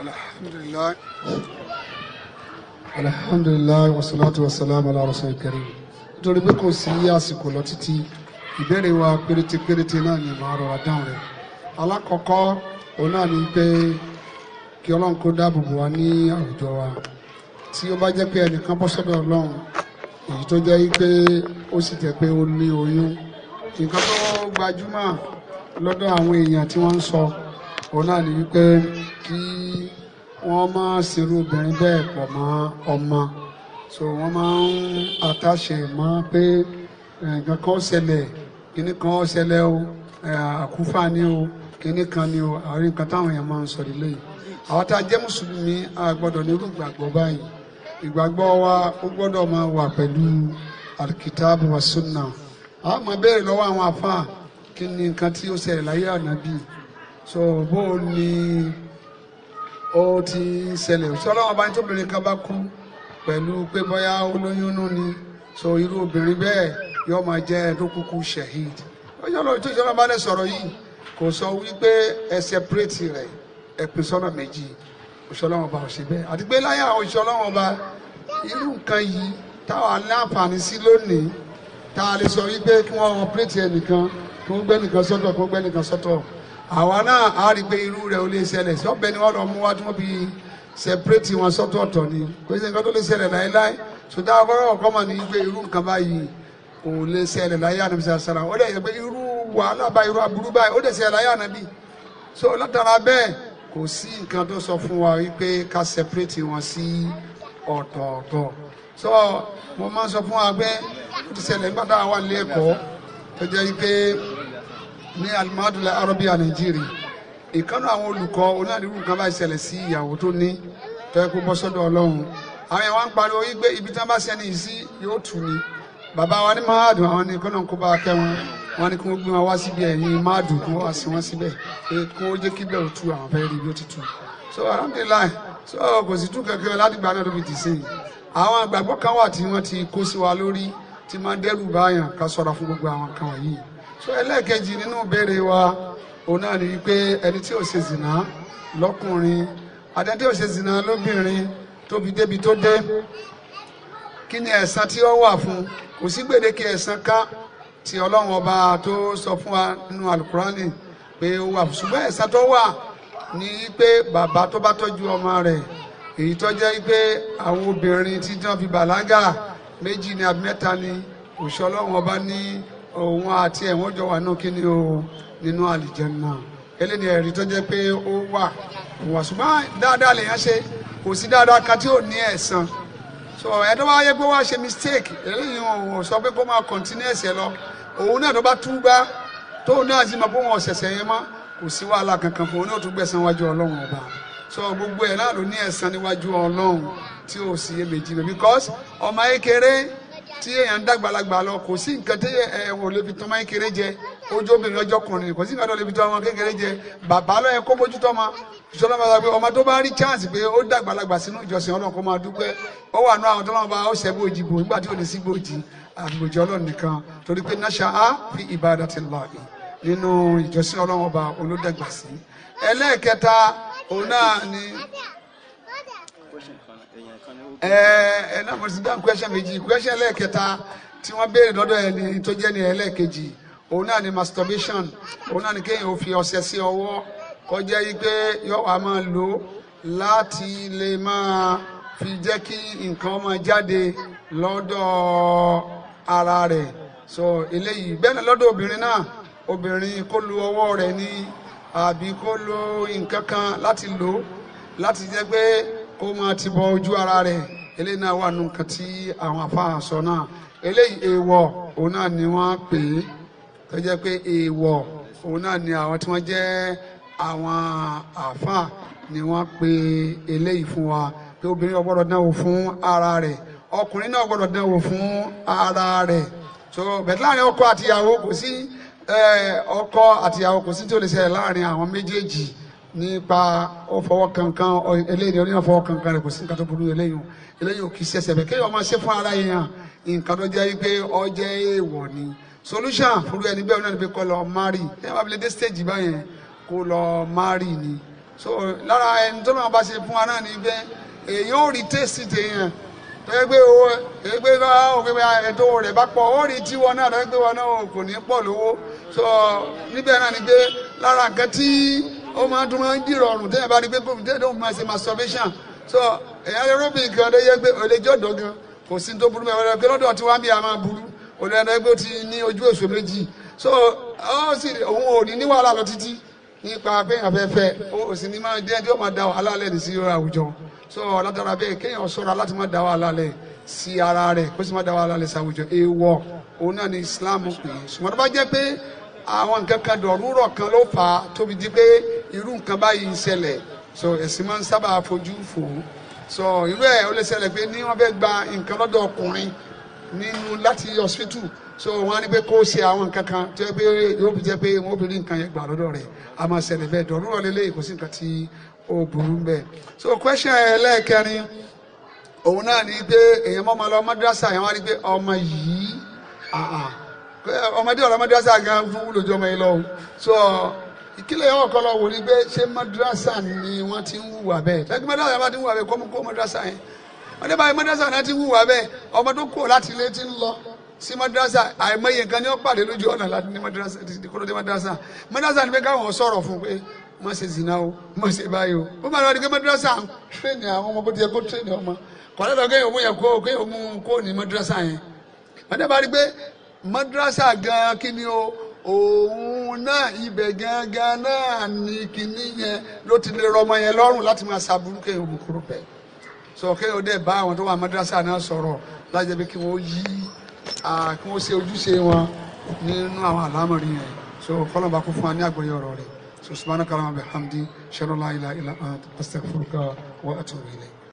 الحمد لله الحمد لله والصلاة والسلام على رسول الكريم nítorí pé kò sí àsìkò lọ títí ìbéèrè wa péréte péréte náà ni màá rọra dáhùn rẹ̀ alákọ̀ọ́kọ́ òun náà ni pé kí ọlọ́run kó dáàbò bò wá ní àwùjọ wa tí ó bá jẹ́ pé ẹnìkan bọ́ sọ́dọ̀ ọlọ́run èyí tó jẹ́ pé ó sì jẹ́ pé ó ní oyún nǹkan tó gbajúmọ̀ lọ́dọ̀ àwọn èèyàn tí wọ́n ń sọ. So òun náà ni wípé kí wọ́n má ṣerú obìnrin bẹ́ẹ̀ pọ̀ mọ́ ọmọ so wọ́n máa ń àtàṣe mọ́ pé nǹkan kan ṣẹlẹ̀ kíní kan ṣẹlẹ̀ o àkúfà ni o kíní kan ni o àwọn nǹkan táwọn èèyàn máa ń sọ nílé yìí àwọn tá a jẹ́ mùsùlùmí a gbọ́dọ̀ nírú ìgbàgbọ́ báyìí ìgbàgbọ́ wa ó gbọ́dọ̀ máa wà pẹ̀lú alikitaabu wa sunna a máa béèrè lọ́wọ́ àwọn afa kí ni nǹkan tí ó ṣẹlẹ̀ láyé ànábì so bó o ní ó ti ṣẹlẹ̀ sí ọlọ́wọ́n bá ń tóbìnrin kan bá kú pẹ̀lú pé bóyá olóyún nú ni so irú obìnrin bẹ́ẹ̀ yóò máa jẹ́ tó kúkú shahid ọjọ́ tó ìjọba bá lè sọ̀rọ̀ yìí kò sọ wípé ẹ separate rẹ̀ ẹ pín sọ́nà méjì òṣèlọ́wọ́n ọba òṣè bẹ́ẹ̀ àti pé láyà òṣèlọ́wọ́n ọba irú nǹkan yìí táwa láǹfààní sí lónìí tá a lè sọ wípé kí wọ́n operate ẹnìkan kó gbẹ́nìkan sọ́tọ̀ kó gbẹ́nìkan sọ́tọ̀ àwa náà á rí i pé irú rẹ̀ ó lè ṣẹlẹ̀ sọ́bẹ̀ ni wọ́n lọ mú wá tí wọ́n fi sẹpẹrẹtì wọn sọ́tọ̀ọ̀tọ̀ ni kò sí nǹkan tó lè ṣẹlẹ̀ láéláé ṣùgbọ́n akọ́rọ́ ọ̀kọ́ mà ní pé irú nǹkan báyìí kò lè ṣẹlẹ̀ láyé ànábi sàṣàrà ó dẹ̀ yẹ pé irú wàhálà báyìí irú aburú báyìí ó dẹ̀ ṣẹlẹ̀ láyé ànábi so látara bẹ́ẹ̀ kò sí nǹkan tó sọ fún wa wípé ká sẹpẹrẹtì wọn sí ọ̀tọ̀ọ̀tọ̀ so mo máa ń sọ fún wa pé ó ti ṣẹlẹ̀ nígbà táwọn wà nílé ẹ̀kọ́ tó jẹ́ wípé ní alimadulẹ arabiya nàìjíríà ìkànnì àwọn olùkọ́ onádìrú nǹkan bá ṣẹlẹ̀ sí ìyàwó tó ní tọ́yẹ kó bọ́ sọ́dọ̀ ọlọ́run àwọn yẹn wá ń pariwo yí pé ibi tí wọ́n bá sẹ́ni yìí sí yóò tù ní bàbá wa ní máàdùn àwọn ní kọ́nà kó bá a kẹ́ wọn wọn ní kí wọ́n gbé wọn wá síbi ẹ̀yìn máàdùn kí wọ́n wá sí wọn síbẹ̀ pé kí wọ́n jẹ́ kí bẹ́ẹ̀ ò tu àwọn fẹ́ rí bí ó ti tu so alhamdulilayi so kò sì tún kẹ̀kẹ́ ládìgbà náà lóbi tì sìn àwọn àgbàgbọ́ kan wà tí wọ́n ti kó sí wa lórí tí máa dẹ́rù báyàn ká sọ̀rọ̀ fún gbogbo àwọn kan so ẹlẹ́ẹ̀kejì nínú ìbéèrè wa òun náà ni wípé ẹni tí ò ṣe zìnà lọ́kùnrin àdá tí ò ṣe zìnà lóbìnrin tóbi débi tó dé kí ni ẹ̀san tí ó wà fún kò sí gbèdéke ẹ̀san ká tí ọlọ́run ọba tó sọ fún wa nínú alukurani pé ó wà fún ṣùgbọ́n ẹ̀san tó wà ní pé bàbá tó bá tọ́jú ọmọ rẹ̀ èyí tó jẹ́ pé àwọn obìnrin tí wọ́n fi bàlágà méjì ni àbí mẹ́ta ni òṣìṣẹ́ ọlọ́run ọba ní òun àti ẹ̀wọ̀n jọ wà nù kíni o nínú àlìjẹ́nà eléyìí ẹ̀rí tó jẹ́ pé ó wà wà ṣùgbọ́n dáadáa lèèyàn ṣe kò sí dáadáa kan tí ò ní ẹ̀san so ẹ̀ bá yẹ pé wá ṣe mistake eléyìí ò sọ pé kó máa continue ẹ̀ṣẹ̀ lọ òun náà tó bá túbá tóun náà sì mọ̀ pé wọn ṣẹ̀ṣẹ̀ yẹn mọ́ kò sí wàhálà kankan fún un ní òtún gbẹ̀san wájú ọlọ́run ọba so gbogbo ẹ̀ náà ló ní ẹ̀san níwájú ọlọ́run tí ò sí iyèméjì rẹ̀ because ọmọ kékeré tí èèyàn ń dàgbàlagbà lọ kò sí nǹkan tí ẹ wò lè fi tọ́mọ kékeré jẹ ojú obìnrin lọ́jọ́ kùnrin kò sí nǹkan tó lè fi tọ́mọ kékeré jẹ bàbá ló yẹ kó bójútó ma sọlá bàbá pé ọmọ tó bá rí chance pé ó dàgbàlagbà sínú ìjọsìn ọlọ́run kó máa dúpẹ́ ó wà nú àwọn tọ́lọ́mọba ó sẹ́ bòjì bò nígbà tí ò ní sí bòjì àgbòjì ọlọ́run nìkan torí pé náṣà á fi ibadatillahi nínú ìjọsìn ẹ náà mo ti dá question méjì question ẹlẹ́ẹ̀kẹta tí wọ́n béèrè lọ́dọ̀ ẹ ní tó jẹ́ ní ẹlẹ́ẹ̀kejì òun náà ni masturbation òun náà ni kéèyàn ò fi ọṣẹ sí ọwọ́ kọjá yìí pé yọ̀wá máa lò láti lè máa fi jẹ́ kí nǹkan máa jáde lọ́dọ̀ ara rẹ̀ so eléyìí bẹ́ẹ̀ náà lọ́dọ̀ obìnrin náà obìnrin kó lu ọwọ́ rẹ̀ ní àbí kó lo nǹkan kan láti lò láti jẹ́ pé ó máa ti bọ ojú ara rẹ̀ eléyìí náà wà nù kan tí àwọn afáà sọ náà eléyìí èèwọ̀ òun náà ni wọ́n pè é tó jẹ́ pé èèwọ̀ òun náà ni àwọn tí wọ́n jẹ́ àwọn àfáà ni wọ́n pe eléyìí fún wa pé obìnrin ò gbọ́dọ̀ dánwò fún ara rẹ̀ ọkùnrin náà ò dánwò fún ara rẹ̀ so bẹ̀tẹ̀ láàrin ọkọ àtìyàwó kò sí ọkọ àtìyàwó kò sí tí ó lè ṣẹlẹ̀ láàrin àwọn méjèèjì nípa ọfọwọ́ kankan eléyìí oníyàn ọfọwọ́ kankan rẹ̀ kò sí nǹkan tó burú eléyìí o eléyìí ò kì í ṣe ẹsẹ̀ bẹ́ẹ̀ kéèyàn máa ṣe fún ara yẹn nǹkan tó jẹ́ pé ó jẹ́ èèwọ̀ ni solution fúru ẹni bẹ́ẹ̀ náà ni pé lọ mari ẹ̀yìn bá fi dé stage báyẹn kó lọ mari ni so lára ẹni tó náà bá ṣe fún wa náà ni pé èyí ò rí tẹ́sì tèèyàn tọ́gbẹ́ owó ẹgbẹ́ bá òfin bá ẹ̀tọ́ rẹ̀ bá pọ̀ ó rí tiwọn náà tọ́gbẹ́ wọn náà kò ní pọ̀ lówó so níbẹ̀ náà ni pé lára nǹkan ó máa tún máa ń dìrọ̀ ọ̀rùn tẹ́yìn bá rí pé kò tẹ́yìn tó máa ṣe masturbation so ẹ̀yà ẹrọ́bìn kan tó yẹ pé olèjọ́dọ̀ gan kò sí tó burú mẹ́wàá pé lọ́dọ̀ tí wọ́n á bí a máa burú olùdarí pé ó ti ní ojú èso méjì so ó sì òun ò ní ní wàhálà lọ títí nípa pé àfẹ́fẹ́ ó sì ní máa dé ẹjọ́ máa da wàhálà lẹ̀ sí àwùjọ so látara bẹ́ẹ̀ kéèyàn sọ́ra láti má da wàhálà lẹ̀ sí ara rẹ̀ kó sì má da wàhálà lẹ̀ sí àwùjọ èèwọ̀ òun náà ni Islam pè é ṣùgbọ́n tó bá jẹ́ pé àwọn nǹkan kan dọ̀rúrọ̀ kan ló fà á tóbi di pé irú nǹkan báyìí ń ṣẹlẹ̀ so ẹ̀sìn máa ń sábà fojú fò ó so irú ẹ̀ ó lè ṣẹlẹ̀ pé ní wọ́n fẹ́ gba nǹkan lọ́dọ̀ ọkùnrin nínú láti hospital so wọ́n á ní pé kó ṣe àwọn nǹkan kan tó yẹ pé yóò jẹ́ pé wọ́n obìnrin nǹkan yẹn gbà lọ́dọ̀ rẹ̀ a máa ṣẹlẹ̀ bẹ́ẹ̀ dọ̀rọ̀ rọ̀ lélẹ́yìí kò sí nǹkan tí ó burú bẹ́ẹ̀ so question ẹlẹ́ẹ̀kẹrin òun náà ní pé èèyàn mọ́ ọmọ lọ mọ́dúrásà yẹn wá rí pé ọmọ yìí ọmọdé ọ̀rọ̀ mọ́dúrásà gan fún wúlò jọmọ yìí lọ so ìkílẹ̀ yẹn ọ̀kọ́ lọ wò ni pé ṣé madrasa ni wọ́n ti ń hùwà bẹ́ẹ̀ tẹ́tí madrasa yẹn bá ti ń hùwà bẹ́ẹ̀ kọ́mú kó madrasa yẹn wọ́n dé báyìí madrasa náà ti ń hùwà bẹ́ẹ̀ ọmọ tó kọ̀ láti ilé ti ń lọ sí madrasa àìmọye nǹkan ni ó pàdé lójú ọ̀nà láti ní madrasa kótó dé madrasa madrasa ni pé káwọn sọ̀rọ̀ fún pé má ṣe zina o má ṣe báyìí o ó máa lọ rí ni o òun náà ibẹ̀ gangan náà ní kinní yẹn ló ti lè rọmọ yẹn lọ́rùn láti máa ṣàbùrú kéèyàn kúrú pẹ̀ sọ kéèyàn dẹ̀ bá àwọn tó wà madrasa náà sọ̀rọ̀ láti jẹ́ pé kí wọ́n yí kí wọ́n ṣe ojúṣe wọn nínú àwọn àlámọ̀rí yẹn so kọ́lọ́ba kó fún wa ní àgbọ́yé ọ̀rọ̀ rẹ̀ so subhanaka allahumma bihamdi shalla la ilaha illa anta astaghfiruka wa atubu ilayk